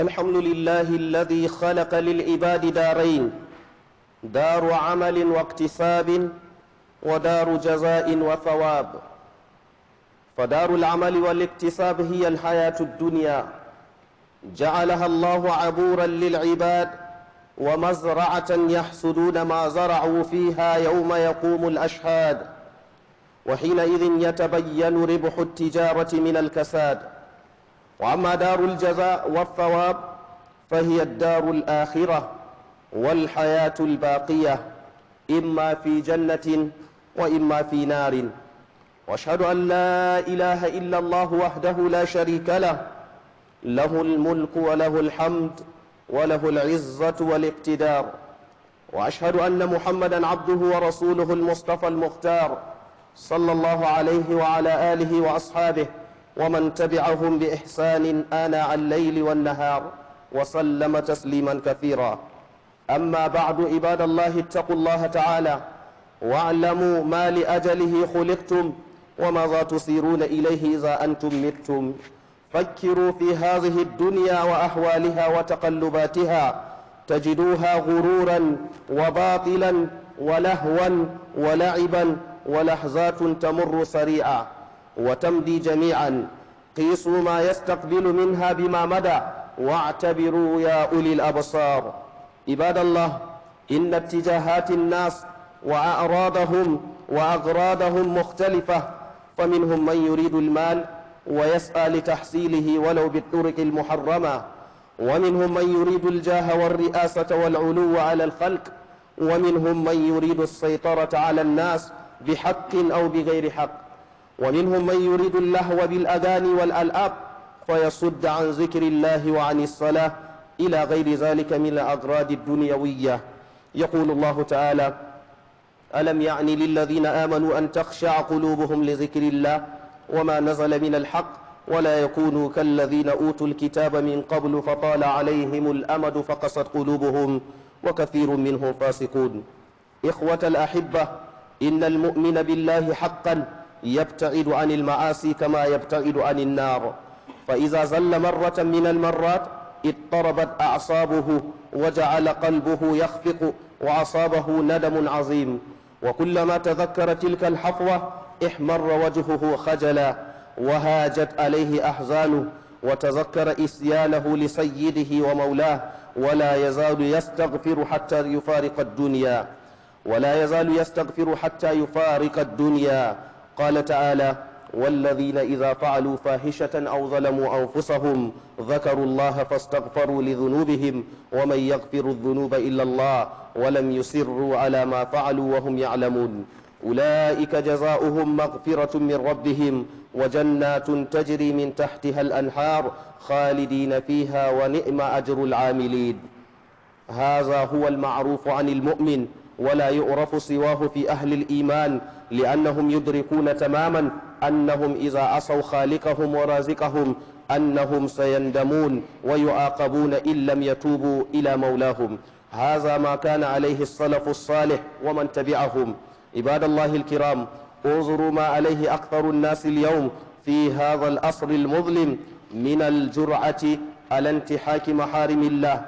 الحمد لله الذي خلق للعباد دارين دار عمل واكتساب ودار جزاء وثواب فدار العمل والاكتساب هي الحياة الدنيا جعلها الله عبورا للعباد ومزرعة يحصدون ما زرعوا فيها يوم يقوم الأشهاد وحينئذ يتبين ربح التجارة من الكساد وأما دار الجزاء والثواب فهي الدار الآخرة والحياة الباقية إما في جنة وإما في نار واشهد أن لا إله إلا الله وحده لا شريك له له الملك وله الحمد وله العزة والاقتدار وأشهد أن محمدا عبده ورسوله المصطفى المختار صلى الله عليه وعلى آله وأصحابه ومن تبعهم بإحسان آناء الليل والنهار وسلم تسليما كثيرا أما بعد عباد الله اتقوا الله تعالى واعلموا ما لأجله خلقتم وماذا تسيرون إليه إذا أنتم متم فكروا في هذه الدنيا وأحوالها وتقلباتها تجدوها غرورا وباطلا ولهوا ولعبا ولحظات تمر سريعا وتمضي جميعا قيسوا ما يستقبل منها بما مدى واعتبروا يا أولي الأبصار عباد الله إن اتجاهات الناس وأعراضهم وأغراضهم مختلفة فمنهم من يريد المال ويسعى لتحصيله ولو بالطرق المحرمة ومنهم من يريد الجاه والرئاسة والعلو على الخلق ومنهم من يريد السيطرة على الناس بحق أو بغير حق ومنهم من يريد اللهو بالأذان والألآب فيصد عن ذكر الله وعن الصلاة إلى غير ذلك من الأغراض الدنيوية يقول الله تعالى ألم يعني للذين آمنوا أن تخشع قلوبهم لذكر الله وما نزل من الحق ولا يكونوا كالذين أوتوا الكتاب من قبل فطال عليهم الأمد فقصت قلوبهم وكثير منهم فاسقون إخوة الأحبة إن المؤمن بالله حقاً يبتعد عن المعاصي كما يبتعد عن النار فإذا زل مرة من المرات اضطربت أعصابه وجعل قلبه يخفق وأصابه ندم عظيم وكلما تذكر تلك الحفوة احمر وجهه خجلا وهاجت عليه أحزانه وتذكر إسيانه لسيده ومولاه ولا يزال يستغفر حتى يفارق الدنيا ولا يزال يستغفر حتى يفارق الدنيا قال تعالى والذين إذا فعلوا فاحشة أو ظلموا أنفسهم ذكروا الله فاستغفروا لذنوبهم ومن يغفر الذنوب إلا الله ولم يصروا على ما فعلوا وهم يعلمون أولئك جزاؤهم مغفرة من ربهم وجنات تجري من تحتها الأنهار خالدين فيها ونئم أجر العاملين هذا هو المعروف عن المؤمن ولا يعرف سواه في أهل الإيمان لأنهم يدركون تماما أنهم إذا عصوا خالقهم ورازقهم أنهم سيندمون ويعاقبون إن لم يتوبوا إلى مولاهم هذا ما كان عليه السلف الصالح ومن تبعهم عباد الله الكرام انظروا ما عليه أكثر الناس اليوم في هذا الأصر المظلم من الجرعة على انتحاك محارم الله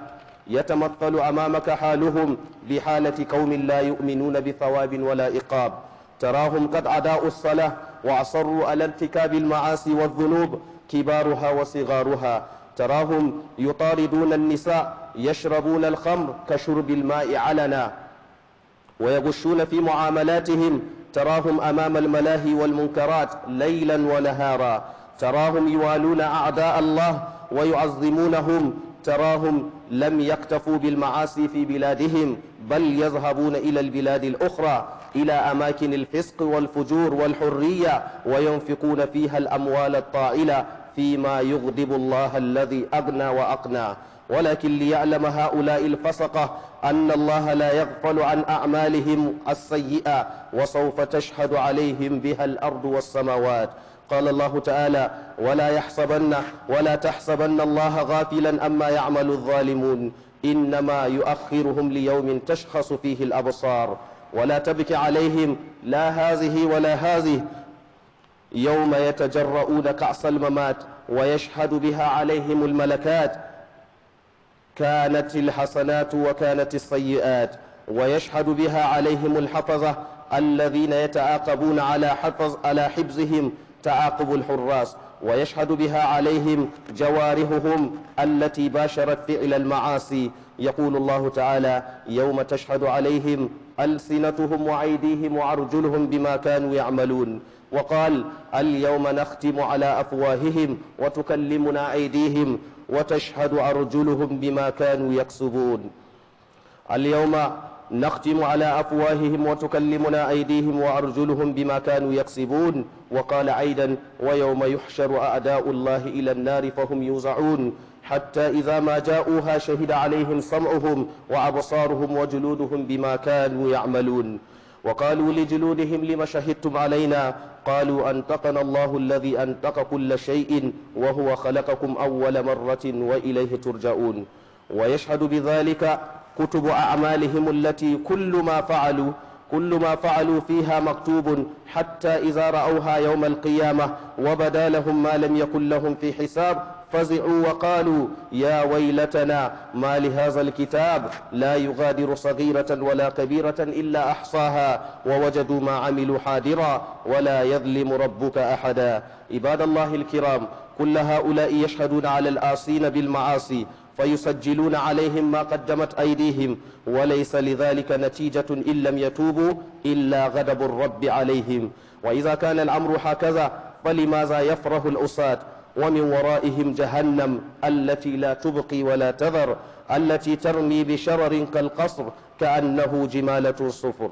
يتمثل أمامك حالهم بحالة قوم لا يؤمنون بثواب ولا إقاب تراهم قد عداء الصلاة وأصروا على ارتكاب المعاصي والذنوب كبارها وصغارها تراهم يطاردون النساء يشربون الخمر كشرب الماء علنا ويغشون في معاملاتهم تراهم أمام الملاهي والمنكرات ليلا ونهارا تراهم يوالون أعداء الله ويعظمونهم تراهم لم يكتفوا بالمعاصي في بلادهم بل يذهبون إلى البلاد الأخرى إلى أماكن الفسق والفجور والحرية وينفقون فيها الأموال الطائلة فيما يغضب الله الذي أغنى وأقنى ولكن ليعلم هؤلاء الفسقة أن الله لا يغفل عن أعمالهم السيئة وسوف تشهد عليهم بها الأرض والسماوات قال الله تعالى ولا يحسبن ولا تحسبن الله غافلا أما يعمل الظالمون إنما يؤخرهم ليوم تشخص فيه الأبصار ولا تبك عليهم لا هذه ولا هذه يوم يتجرؤون كأس الممات ويشهد بها عليهم الملكات كانت الحسنات وكانت السيئات ويشهد بها عليهم الحفظة الذين يتعاقبون على حفظ على حفظهم تعاقب الحراس ويشهد بها عليهم جوارحهم التي باشرت فعل المعاصي يقول الله تعالى يوم تشهد عليهم ألسنتهم وعيديهم وعرجلهم بما كانوا يعملون وقال اليوم نختم على أفواههم وتكلمنا أيديهم وتشهد أرجلهم بما كانوا يكسبون اليوم نختم على أفواههم وتكلمنا أيديهم وأرجلهم بما كانوا يكسبون وقال عيدا ويوم يحشر أعداء الله إلى النار فهم يوزعون حتى إذا ما جاءوها شهد عليهم سمعهم وأبصارهم وجلودهم بما كانوا يعملون وقالوا لجلودهم لما شهدتم علينا قالوا أنتقنا الله الذي أنتق كل شيء وهو خلقكم أول مرة وإليه ترجعون ويشهد بذلك كتب أعمالهم التي كل ما فعلوا كل ما فعلوا فيها مكتوب حتى إذا رأوها يوم القيامة وبدا لهم ما لم يكن لهم في حساب فزعوا وقالوا يا ويلتنا ما لهذا الكتاب لا يغادر صغيرة ولا كبيرة إلا أحصاها ووجدوا ما عملوا حاضرا ولا يظلم ربك أحدا عباد الله الكرام كل هؤلاء يشهدون على الآصين بالمعاصي ويسجلون عليهم ما قدمت أيديهم وليس لذلك نتيجة إن لم يتوبوا إلا غضب الرب عليهم وإذا كان الأمر هكذا فلماذا يفرح الأساة ومن ورائهم جهنم التي لا تبقي ولا تذر التي ترمي بشرر كالقصر كأنه جمالة صفر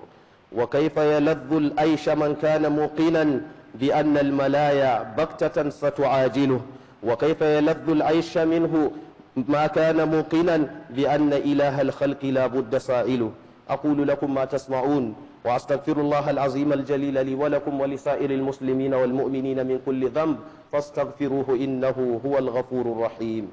وكيف يلذ الأيش من كان موقنا بأن الملايا بكتة ستعاجله وكيف يلذ العيش منه ما كان موقنا بأن إله الخلق لا بد سائله أقول لكم ما تسمعون وأستغفر الله العظيم الجليل لي ولكم ولسائر المسلمين والمؤمنين من كل ذنب فاستغفروه إنه هو الغفور الرحيم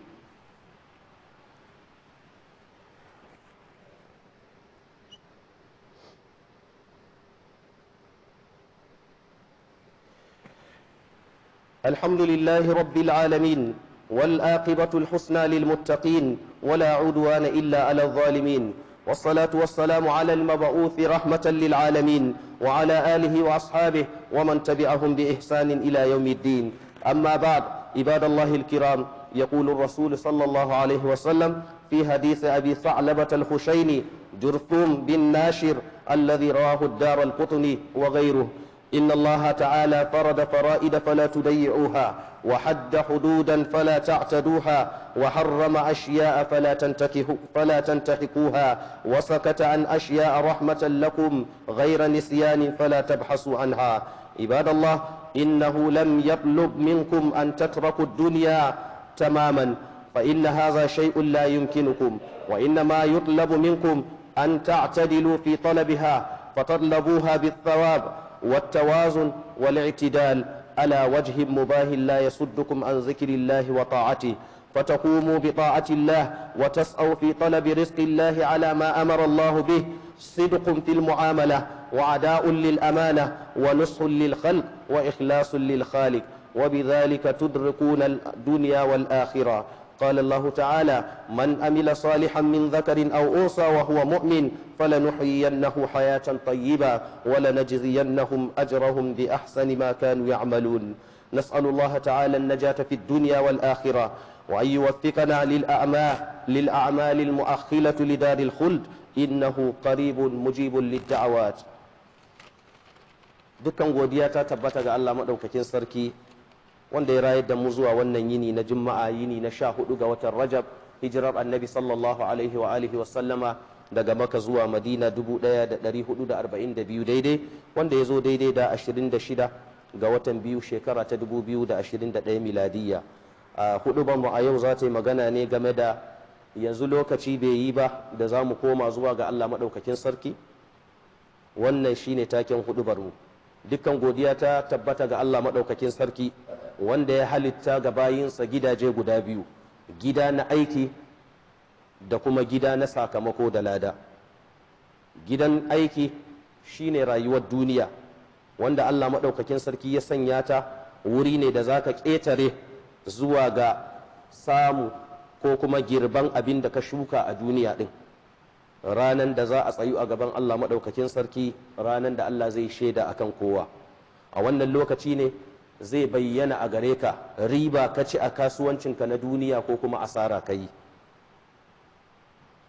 الحمد لله رب العالمين والآقبة الحسنى للمتقين ولا عدوان إلا على الظالمين والصلاة والسلام على المبعوث رحمة للعالمين وعلى آله وأصحابه ومن تبعهم بإحسان إلى يوم الدين أما بعد عباد الله الكرام يقول الرسول صلى الله عليه وسلم في حديث أبي ثعلبة الخشيني جرثوم بن ناشر الذي رواه الدار القطني وغيره إن الله تعالى فرض فرائد فلا تضيعوها وحد حدودا فلا تعتدوها وحرم أشياء فلا, تنتكه فلا تنتهكوها وسكت عن أشياء رحمة لكم غير نسيان فلا تبحثوا عنها عباد الله إنه لم يطلب منكم أن تتركوا الدنيا تماما فإن هذا شيء لا يمكنكم وإنما يطلب منكم أن تعتدلوا في طلبها فتطلبوها بالثواب والتوازن والاعتدال على وجه مباه لا يصدكم عن ذكر الله وطاعته فتقوموا بطاعة الله وتسعوا في طلب رزق الله على ما أمر الله به صدق في المعاملة وعداء للأمانة ونصح للخلق وإخلاص للخالق وبذلك تدركون الدنيا والآخرة قال الله تعالى من أمل صالحا من ذكر أو أنثى وهو مؤمن فلنحيينه حياة طيبة ولنجزينهم أجرهم بأحسن ما كانوا يعملون نسأل الله تعالى النجاة في الدنيا والآخرة وأن يوفقنا للأعمال للأعمال المؤخلة لدار الخلد إنه قريب مجيب للدعوات دكان godiya ta tabbata ga Allah madaukakin sarki wanda ya rayar da mu zuwa wannan yini na juma'a yini na sha hudu ga watan rajab hijirar annabi sallallahu alaihi wa alihi wasallama daga maka zuwa madina 1442 daidai wanda ya zo daidai da 26 ga watan biyu shekara ta 2021 miladiyya hudu mu a yau za ta yi magana ne game da yanzu lokaci bai yi ba da za mu koma zuwa ga allah maɗaukakin sarki wannan shine taken hudubar mu dukkan godiya ta tabbata ga allah maɗaukakin sarki wanda ya halitta ga bayinsa gidaje guda biyu gida na aiki da kuma gida na sakamako da lada gidan aiki shine rayuwar duniya wanda allah maɗaukakin sarki ya sanya ta wuri ne da za ka ƙetare zuwa ga samu ko kuma girban abin da ka shuka a duniya ɗin ranan da za a tsayu a gaban allah maɗaukakin sarki ranan da allah zai shaida a kan kowa a wannan lokaci ne zai bayyana a gare ka riba ka ci a kasuwancinka na duniya ko kuma asara ka yi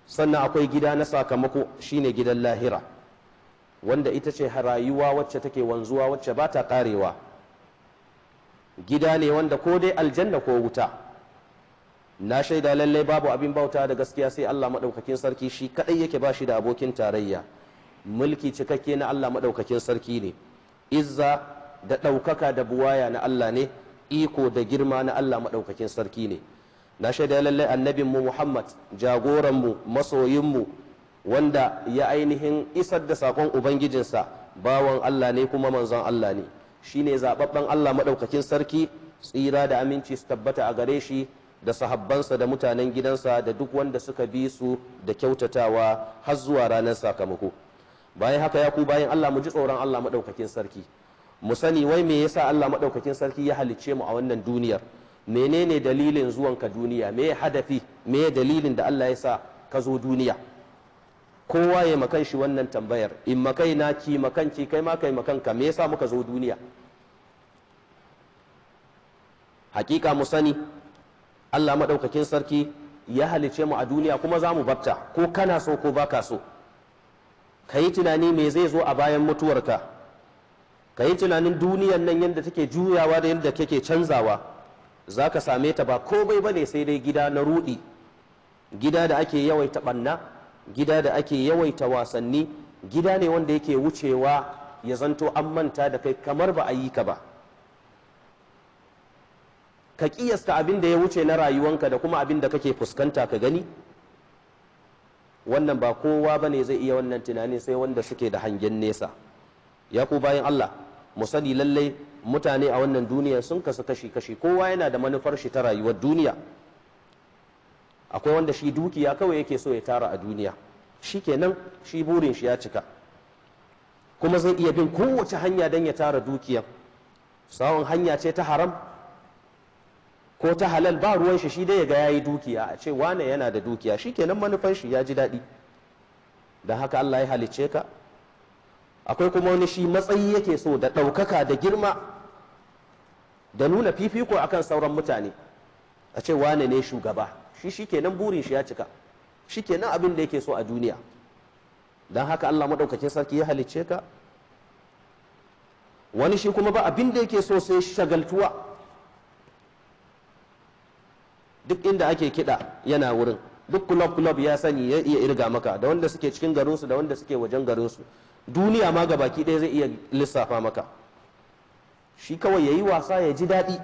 sannan akwai gida na sakamako shine gidan lahira wanda ita ce rayuwa wacce take wanzuwa wacce ba ta karewa gida ne wanda ko dai aljanna ko wuta na shaida lallai babu abin bauta da gaskiya sai allah maɗaukakin sarki shi kaɗai yake ba shi da abokin tarayya mulki cikakke na allah maɗaukakin sarki ne izza da ɗaukaka da buwaya na Allah ne iko da girma na Allah maɗaukakin sarki ne na shaida lallai mu Muhammad jagoran mu masoyin mu wanda ya ainihin isar da sakon ubangijinsa bawan Allah ne kuma manzon Allah ne shine zababben Allah maɗaukakin sarki tsira da aminci su tabbata a gare shi da sahabbansa da mutanen gidansa da duk wanda suka bi su da kyautatawa har zuwa ranar sakamako bayan haka ya ku bayan Allah mu ji tsoron Allah maɗaukakin sarki mu sani wai me yasa Allah maɗaukakin sarki ya halicce mu a wannan duniyar menene dalilin zuwanka duniya me ya hadafi me ya dalilin da Allah ya sa ka zo duniya kowa ya makan shi wannan tambayar in makai na ki ki kai ma kai ka me yasa muka zo duniya hakika mu sani Allah maɗaukakin sarki ya halice mu a duniya kuma za mu babta ko kana so ko baka so ka yi tunani me zai zo a bayan mutuwarka ka yi tunanin duniyan nan yadda take juyawa da yadda ke canzawa za ka same ta ba komai ba ne sai dai gida na rudi gida da ake yawaita ɓanna gida da ake yawaita wasanni gida ne wanda yake wucewa ya zanto an manta da kai kamar ba a yi ka ba ka kiyasta abin da ya wuce na rayuwanka da kuma abin da kake fuskanta ka gani wannan ba kowa ba ne zai iya wannan tunanin sai wanda suke da hangen nesa ya ku bayan allah mu sani lallai mutane a wannan duniya sun kasu kashi-kashi kowa yana da manufar shi ta rayuwar duniya akwai wanda shi dukiya kawai yake so ya tara a duniya shi kenan shi burin shi ya cika kuma zai iya bin kowace hanya don ya tara dukiya sawon hanya ce ta haram ko ta halal ba ruwan shi shi dai ya ga yayi dukiya a ce wane yana da dukiya shi kenan manufan shi ya ji daɗi don haka Allah ya halicce ka akwai kuma wani shi matsayi yake so da ɗaukaka da girma da nuna fifiko akan sauran mutane a ce wane ne shugaba shi shi kenan burin shi ya cika shi kenan abin da yake so a duniya don haka allah maɗaukakin sarki ya halicce ka wani shi kuma ba abin da yake so sai shagaltuwa duk inda ake kiɗa yana wurin duk kulob kulob ya sani ya iya irga maka da wanda suke cikin garinsu da wanda suke wajen garinsu duniya ma gabaki ɗaya zai iya lissafa maka shi kawai ya yi wasa ya ji daɗi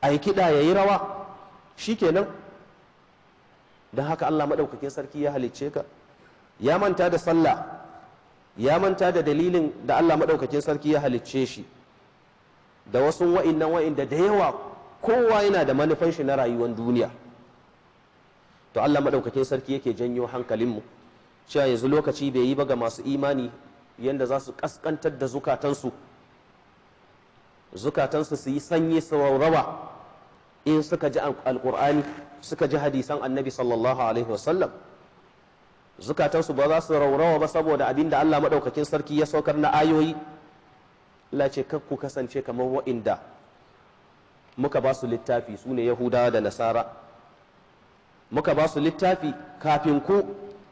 a yi kiɗa ya yi rawa shi kenan don haka allah maɗaukakin sarki ya halicce ka ya manta da sallah ya manta da dalilin da allah maɗaukakin sarki ya halicce shi da wasu wa'innan wa'inda da yawa kowa yana da manufan shi na rayuwar duniya to allah maɗaukakin sarki yake janyo hankalinmu cewa yanzu lokaci bai yi ba ga masu imani yadda za su kaskantar da zukatansu zukatansu su yi sanyi su in suka ji alkur'ani suka ji hadisan annabi sallallahu alaihi wasallam zukatansu ba za su raurawa ba saboda abin da allah maɗaukakin sarki ya saukar na ayoyi lace ce ku kasance kamar wa'inda muka ba su littafi su ne yahudawa da nasara muka ba su littafi kafin ku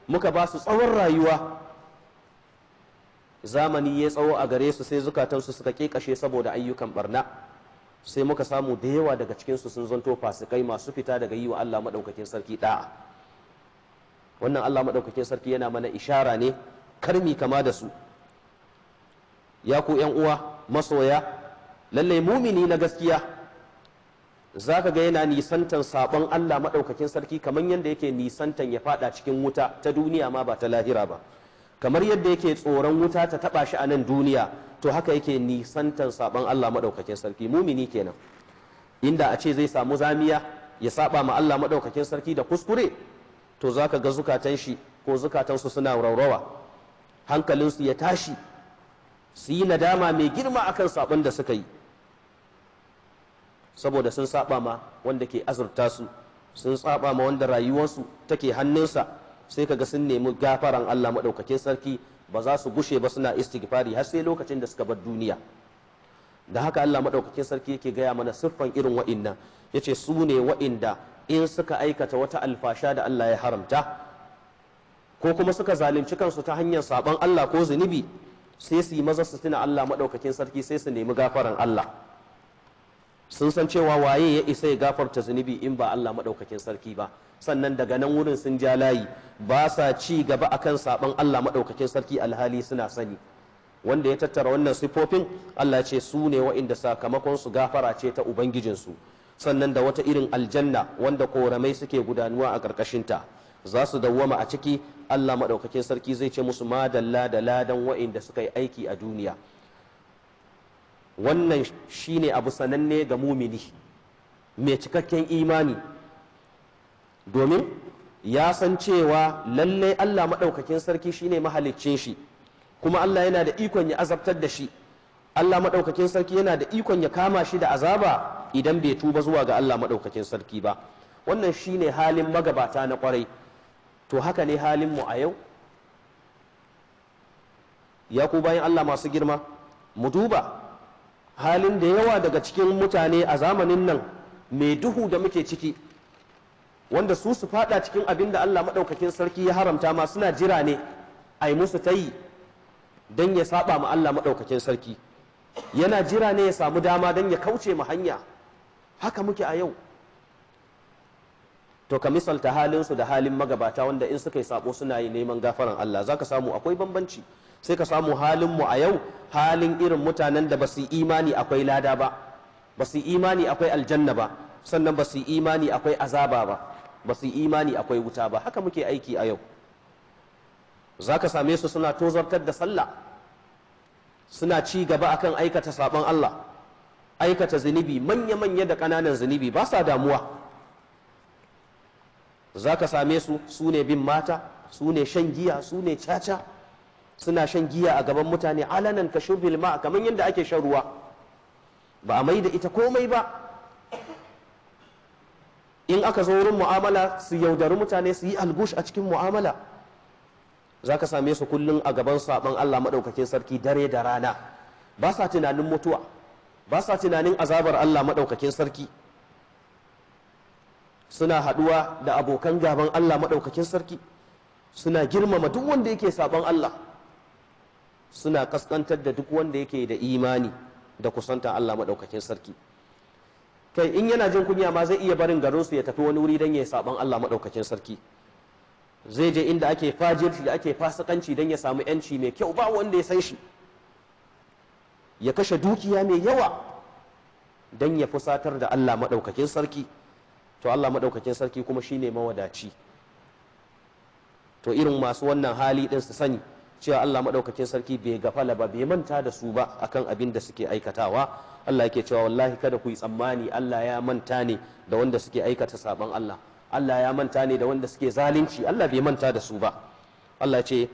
muka ba su tsawon rayuwa zamani ya tsawo a gare su sai zukatansu suka kashe saboda ayyukan barna sai muka samu da yawa daga cikinsu sun zanto fasikai masu fita daga yi wa Allah maɗaukakin sarki ɗa'a wannan Allah maɗaukakin sarki yana mana ishara ne karmi kama da su ya ku ‘yan uwa masoya lallai mumini na gaskiya za ka ga yana nisantan saɓon Allah maɗaukakin sarki kamar yadda yake nisantan ya faɗa cikin wuta ta duniya ma ba ta lahira ba kamar yadda yake tsoron wuta ta taba shi a nan duniya to haka yake nisantan saban Allah madaukakin sarki mumini kenan inda a ce zai samu zamiya ya saba ma Allah madaukakin sarki da kuskure to zaka ga zukatan shi ko zukatan su suna raurawa hankalin su ya tashi su yi nadama mai girma akan sabon da suka yi saboda sun saba ma wanda ke azurta su sun saba ma wanda rayuwarsu take hannunsa sai kaga sun nemi gafaran Allah maɗaukakin sarki ba za su gushe ba suna istighfari har sai lokacin da suka bar duniya da haka Allah maɗaukakin sarki yake gaya mana siffan irin wa'innan yace su ne wa'inda in suka aikata wata alfasha da Allah ya haramta ko kuma suka zalunci kansu ta hanyar saban Allah ko zunubi sai su yi maza su tuna Allah maɗaukakin sarki sai su nemi gafaran Allah sun san cewa waye ya isa ya gafarta zunubi in ba Allah maɗaukakin sarki ba sannan daga nan wurin sun ja layi ba sa ci gaba akan saban Allah maɗaukakin sarki alhali suna sani wanda ya tattara wannan sifofin Allah ce su ne wa'inda sakamakon su gafara ce ta ubangijinsu sannan da wata irin aljanna wanda koramai suke gudanuwa a ƙarƙashinta za su dawwama a ciki Allah maɗaukakin sarki zai ce musu madalla da ladan wa'inda suka yi aiki a duniya wannan shine abu sananne ga mumini mai cikakken imani domin ya san cewa lallai Allah maɗaukakin sarki shine mahaliccin shi kuma Allah yana da ikon ya azabtar da shi Allah maɗaukakin sarki yana da ikon ya kama shi da azaba idan bai tuba zuwa ga Allah maɗaukakin sarki ba wannan shine halin magabata na kwarai to haka ne halinmu a yau ya ku bayan Allah masu girma mu duba halin da yawa daga cikin mutane a zamanin nan mai duhu da muke ciki wanda su su fada cikin abin da Allah maɗaukakin sarki ya haramta ma suna jira ne a yi musu tayi don ya saba ma Allah maɗaukakin sarki yana jira ne ya samu dama don ya kauce ma hanya haka muke a yau to ka misalta halinsu da halin magabata wanda in suka yi sabo suna yi neman gafaran Allah zaka samu akwai bambanci sai ka samu halin mu a yau halin irin mutanen da ba su imani akwai lada ba ba su imani akwai aljanna ba sannan ba su imani akwai azaba ba ba su imani akwai wuta ba haka muke aiki a yau za ka same su suna tozartar da sallah suna ci gaba akan aikata sabon Allah aikata zunubi manya-manya da ƙananan zunubi ba sa damuwa za ka same su su ne bin mata su ne shan giya su ne caca suna shan giya a gaban mutane alanan ka shurbil ma kamar yadda ake shan ruwa ba a mai da ita komai ba in aka zo wurin mu'amala su yaudari mutane su yi algush a cikin mu'amala za ka same su kullum a gaban saban allah maɗaukakin sarki dare da rana ba sa tunanin mutuwa ba sa tunanin azabar allah maɗaukakin sarki suna haɗuwa da abokan gaban allah maɗaukakin sarki suna girmama duk wanda yake saban allah suna kaskantar da duk wanda yake da imani da kusanta Allah maɗaukakin sarki kai in yana jin kunya ma zai iya barin garinsu ya tafi wani wuri don ya saban Allah maɗaukakin sarki zai je inda ake fajirci da ake fasikanci don ya samu yanci mai kyau ba wanda ya san shi ya kashe dukiya mai yawa don ya fusatar da Allah maɗaukakin sarki to Allah maɗaukakin sarki kuma shine mawadaci to irin masu wannan hali din su sani cewa Allah madaukakin sarki bai gafala ba bai manta da su ba akan abin da suke aikatawa Allah yake cewa wallahi kada ku yi tsammani Allah ya manta ne da wanda suke aikata saban Allah Allah ya manta ne da wanda suke zalunci Allah bai manta da su ba Allah ce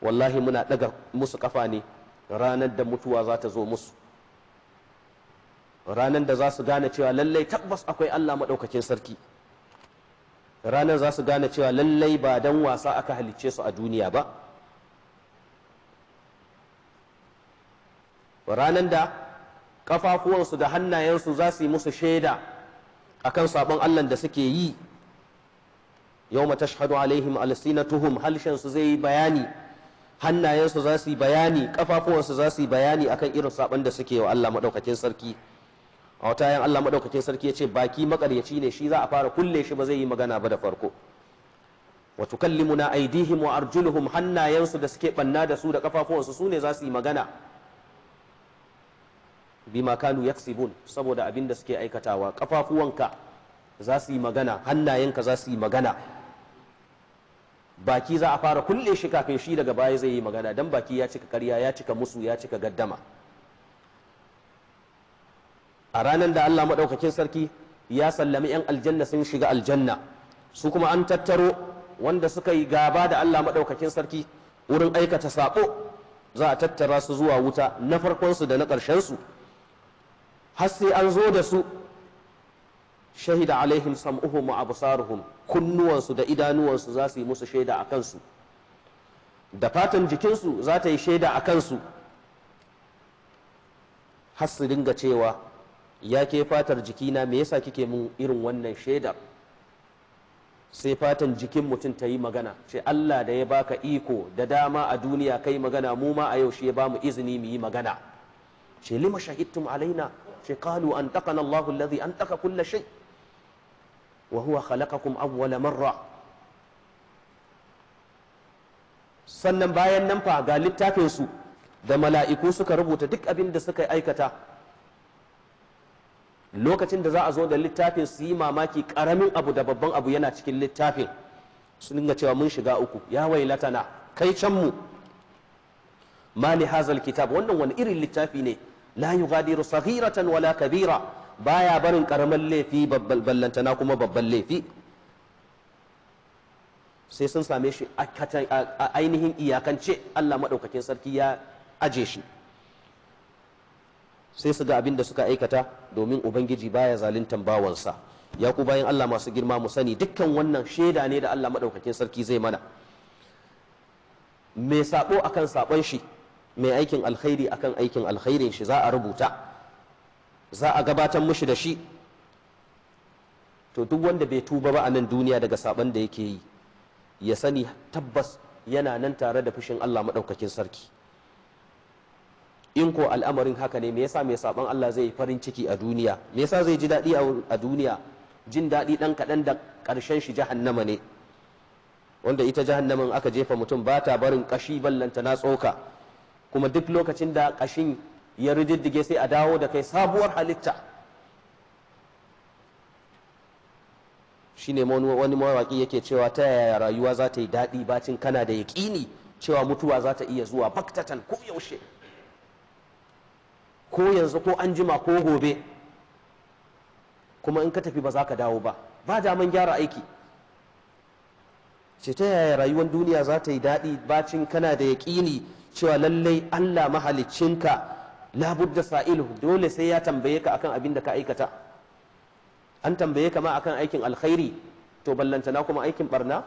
wallahi muna daga musu kafa ne ranar da mutuwa za ta zo musu ranar da za su gane cewa lallai tabbas akwai Allah madaukakin sarki ranar za su gane cewa lallai ba dan wasa aka halicce su a duniya ba ranan da kafafuwansu da hannayensu za su yi musu shaida akan sabon Allah da suke yi yawma tashhadu alaihim tuhum halshen su zai yi bayani hannayensu za su yi bayani kafafuwansu za su yi bayani akan irin sabon da suke wa Allah madaukakin sarki a wata yan Allah madaukakin sarki ya ce baki makaryaci ne shi za a fara kulle shi ba zai yi magana ba da farko wa tukallimuna aydihim wa arjuluhum hannayensu da suke banna da su da kafafuwansu su ne za su yi magana bima kanu yaksibun saboda abin da suke aikatawa kafafuwanka za su yi magana hannayenka za su yi magana baki za a fara kulle shi kafin shi daga baya zai yi magana dan baki ya cika karya ya cika musu ya cika gaddama a ranar da Allah maɗaukakin sarki ya sallami 'yan aljanna sun shiga aljanna su kuma an tattaro wanda suka yi gaba da Allah maɗaukakin sarki wurin aikata saƙo za a tattara su zuwa wuta na farkonsu da na ƙarshensu su har sai an zo da su shahida alaihim sam'uhum wa absaruhum kunnuwansu da idanuwansu za su yi musu shaida a kansu da fatan jikinsu za ta yi shaida a kansu har su dinga cewa ya ke fatar jikina me yasa kike mun irin wannan shaidar sai fatan jikin mutum ta yi magana ce Allah da ya baka iko da dama a duniya kai magana mu ma a yau shi ya bamu izini mu yi magana ce lima shahidtum alaina ce qalu antaqana Allahu alladhi antaqa kulla shay wa huwa khalaqakum awwala marra sannan bayan nan fa ga littafin su da mala'iku suka rubuta duk abin da suka aikata lokacin da za a zo da littafin su yi mamaki karamin abu da babban abu yana cikin littafin sun dinga cewa mun shiga uku ya wailatana kai can mu mali hazal kitab wannan wani irin littafi ne la yughadiru saghiratan wala kabira baya barin karaman laifi babbal ballantana kuma babban laifi sai sun same shi a ainihin iyakance Allah maɗaukakin sarki ya aje shi sai su ga abin da suka aikata domin ubangiji baya zaluntan bawansa ya ku bayan Allah masu girma mu sani dukkan wannan shaida ne da Allah maɗaukakin sarki zai mana mai sabo akan sabon shi mai aikin alkhairi akan aikin alkhairin shi za a rubuta za a gabatar mushi da shi to duk wanda bai tuba ba a nan duniya daga saban da yake yi ya sani tabbas yana nan tare da fushin Allah maɗaukakin sarki in ko al'amarin haka ne me yasa mai saban Allah zai farin ciki a duniya me yasa zai ji daɗi a duniya jin daɗi ɗan kaɗan da ƙarshen shi jahannama ne wanda ita jahannaman aka jefa mutum ba ta barin ƙashi ballanta na tsoka kuma duk lokacin da ƙashin ya rididdige sai a dawo da kai sabuwar halitta shine wani mawaƙi yake cewa ta yaya rayuwa za ta yi daɗi bacin kana da yaƙini cewa mutuwa za ta iya zuwa baktatan ko yaushe ko yanzu ko an jima ko gobe kuma in ka tafi ba za ka dawo ba ba daman gyara aiki ce ta yaya rayuwar duniya za ta yi daɗi bacin kana da yaƙini cewa lallai Allah mahaliccinka labudda sa'ilu dole sai ya tambaye ka akan abin da ka aikata an tambaye ka ma akan aikin alkhairi to na kuma aikin barna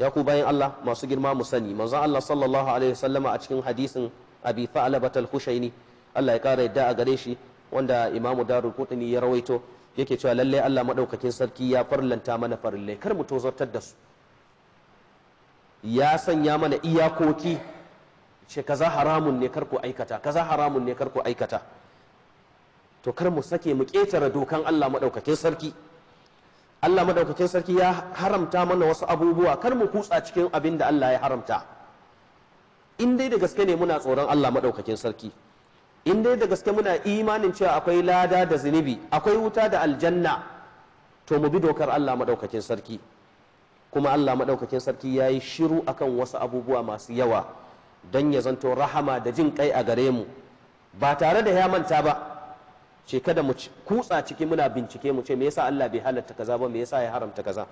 ya ku bayan Allah masu girma mu sani manzon Allah sallallahu alaihi wasallama a cikin hadisin abi fa'labat al Allah ya kara yadda a gare shi wanda imamu darul qutni ya rawaito yake cewa lallai Allah madaukakin sarki ya farlanta mana farillai kar mu tozartar da su ya sanya mana iyakoki ce kaza haramun ne karku aikata kaza haramun ne karku aikata to kar mu sake mu ƙetare dokan Allah maɗaukakin sarki Allah maɗaukakin sarki ya haramta mana wasu abubuwa kar mu kutsa cikin abin da Allah ya haramta in dai da gaske ne muna tsoron Allah maɗaukakin sarki in dai da gaske muna imanin cewa akwai lada da zunubi akwai wuta da aljanna to mu bi dokar Allah maɗaukakin sarki kuma Allah maɗaukakin sarki ya yi shiru akan wasu abubuwa masu yawa don ya zanto rahama da jin kai a gare mu ba tare da ya manta ba ce kada mu kutsa ciki muna bincike mu ce me yasa Allah bai halatta kaza ba me yasa ya haramta kaza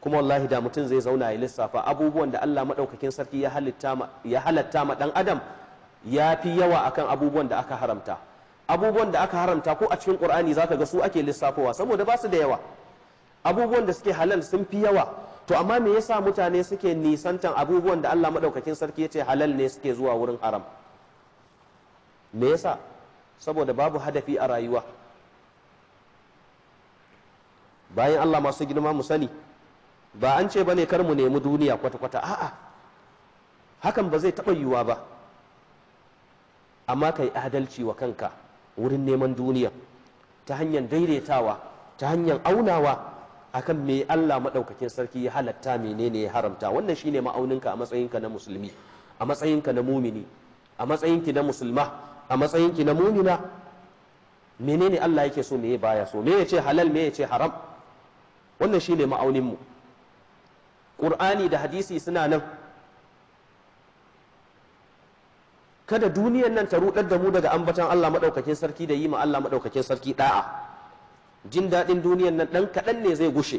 kuma wallahi da mutum zai zauna ya lissafa abubuwan da Allah maɗaukakin sarki ya halatta ma dan adam ya fi yawa akan abubuwan da aka haramta abubuwan da aka haramta ko a cikin ƙur'ani zaka ga su ake lissafowa saboda ba su da yawa abubuwan da suke halal sun fi yawa to amma me yasa mutane suke nisantan abubuwan da Allah madaukakin sarki ya ce halal ne suke zuwa wurin haram me yasa saboda babu hadafi a rayuwa bayan Allah masu girma mu sani ba an ce bane kar mu nemi duniya kwata-kwata a'a hakan ba zai taɓa yiwuwa ba amma kai adalci wa kanka wurin neman duniya ta hanyar daidaitawa ta hanyar aunawa akan me Allah maɗaukakin sarki ya halatta menene ya haramta wannan shine ma'auninka a matsayinka na musulmi a matsayinka na mumini a matsayinki na musulma a matsayinki na mumina menene Allah yake so me baya so me yace halal me yace haram wannan shine ma'aunin mu Qur'ani da hadisi suna nan kada duniyar nan ta rudar da mu daga ambatan Allah maɗaukakin sarki da yi ma Allah maɗaukakin sarki da'a jin daɗin duniyan nan ɗan kaɗan ne zai gushe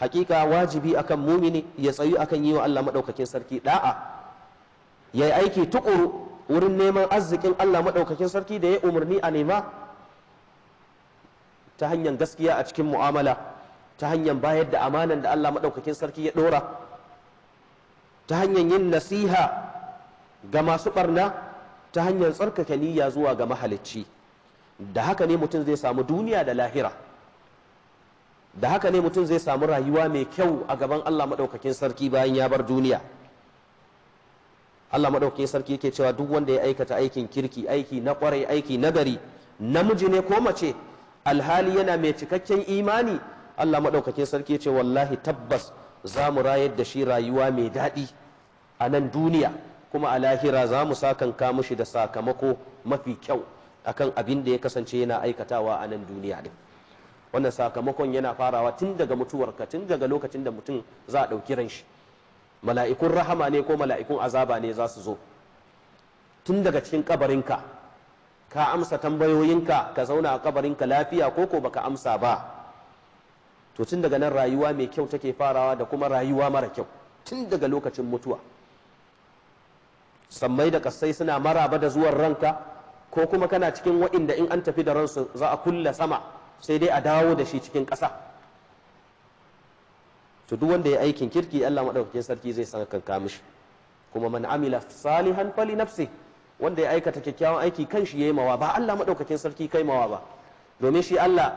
hakika wajibi akan mumini ya tsayu akan yi wa Allah maɗaukakin sarki ɗa'a ya yi aiki tuƙuru wurin neman arzikin Allah maɗaukakin sarki da ya umarni a nema ta hanyar gaskiya a cikin mu'amala ta hanyar bayar da amanan da Allah maɗaukakin sarki ya ɗora ta hanyar yin nasiha ga masu ɓarna ta hanyar tsarkake niyya zuwa ga mahalicci da haka ne mutum zai samu duniya da lahira da haka ne mutum zai samu rayuwa mai kyau a gaban Allah maɗaukakin sarki bayan ya bar duniya Allah maɗaukakin sarki yake cewa duk wanda ya aikata aikin kirki aiki na ƙwarai aiki na gari namiji ne ko mace alhali yana mai cikakken imani Allah maɗaukakin sarki ce wallahi tabbas za mu rayar da shi rayuwa mai daɗi a nan duniya kuma a lahira za mu sakanka mushi da sakamako mafi kyau akan abin da ya kasance yana aikatawa a nan duniya din wannan sakamakon yana farawa tun daga mutuwarka tun daga lokacin da mutum za a ɗauki ran shi mala'ikun rahama ne ko mala'ikun azaba ne za su zo tun daga cikin kabarinka ka amsa tambayoyinka ka zauna a kabarinka lafiya ko ko baka amsa ba to tun daga nan rayuwa mai kyau take farawa da kuma rayuwa mara kyau tun daga lokacin mutuwa sammai da kasai suna maraba da zuwan ranka ko kuma kana cikin wa'inda in an tafi da ransu za a kulla sama sai dai a dawo da shi cikin ƙasa to duk wanda ya aikin kirki Allah madaukakin sarki zai san kanka mishi kuma man amila salihan fali nafsi wanda ya aikata kyakkyawan aiki kan shi yayi mawa ba Allah madaukakin sarki kai mawa ba domin shi Allah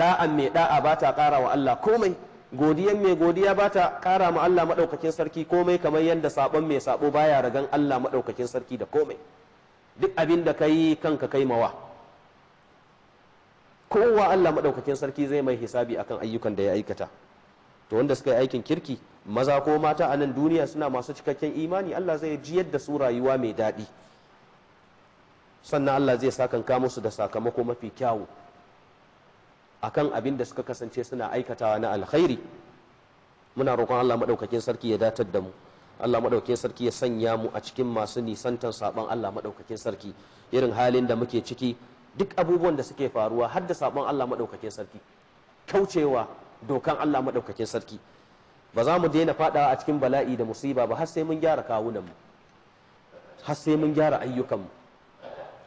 da'an mai da'a ba ta ƙara wa Allah komai godiyan mai godiya ba ta ƙara ma Allah madaukakin sarki komai kamar yadda sabon mai sabo baya ragan Allah madaukakin sarki da komai duk abin da ka yi kanka kai mawa kowa Allah maɗaukakin sarki zai mai hisabi akan ayyukan da ya aikata to wanda suka yi aikin kirki maza ko mata a nan duniya suna masu cikakken imani Allah zai ji yadda su rayuwa mai daɗi sannan Allah zai sakanka musu da sakamako mafi kyawu akan abin da suka kasance suna aikatawa na alkhairi muna roƙon Allah maɗaukakin sarki ya datar da mu Allah madaukakin sarki ya sanya mu a cikin masu nisantan saban Allah madaukakin sarki irin halin da muke ciki duk abubuwan da suke faruwa har da saban Allah madaukakin sarki kaucewa dokan Allah maɗaukakin sarki ba za mu daina fadawa a cikin bala'i da musiba ba har sai mun gyara kawunan mu har sai mun gyara ayyukan mu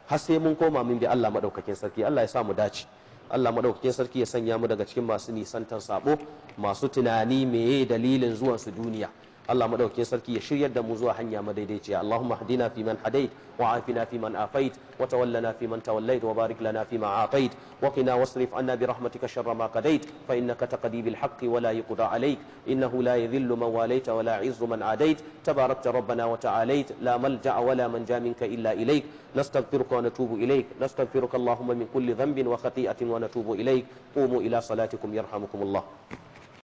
har sai mun koma min bi Allah madaukakin sarki Allah ya sa mu dace Allah madaukakin sarki ya sanya mu daga cikin masu nisantan sabo masu tunani meye dalilin zuwan su duniya Allah madaukakin sarki ya shiryar da mu zuwa hanya madaidaiciya Allahumma hadina fi man hadait wa afina fi man afait wa tawallana fi man tawallait wa barik lana fi ma atait wa qina wasrif anna bi rahmatika sharra ma qadait fa innaka taqdi bil haqqi wa la yuqda alayk innahu la yadhillu man walaita wa la yu'izzu man adait tabarakta rabbana wa ta'alait la malja'a wa la manja minka illa ilayk نستغفرك ونتوب إليك نستغفرك اللهم من كل ذنب وخطيئة ونتوب إليك قوموا إلى صلاتكم يرحمكم الله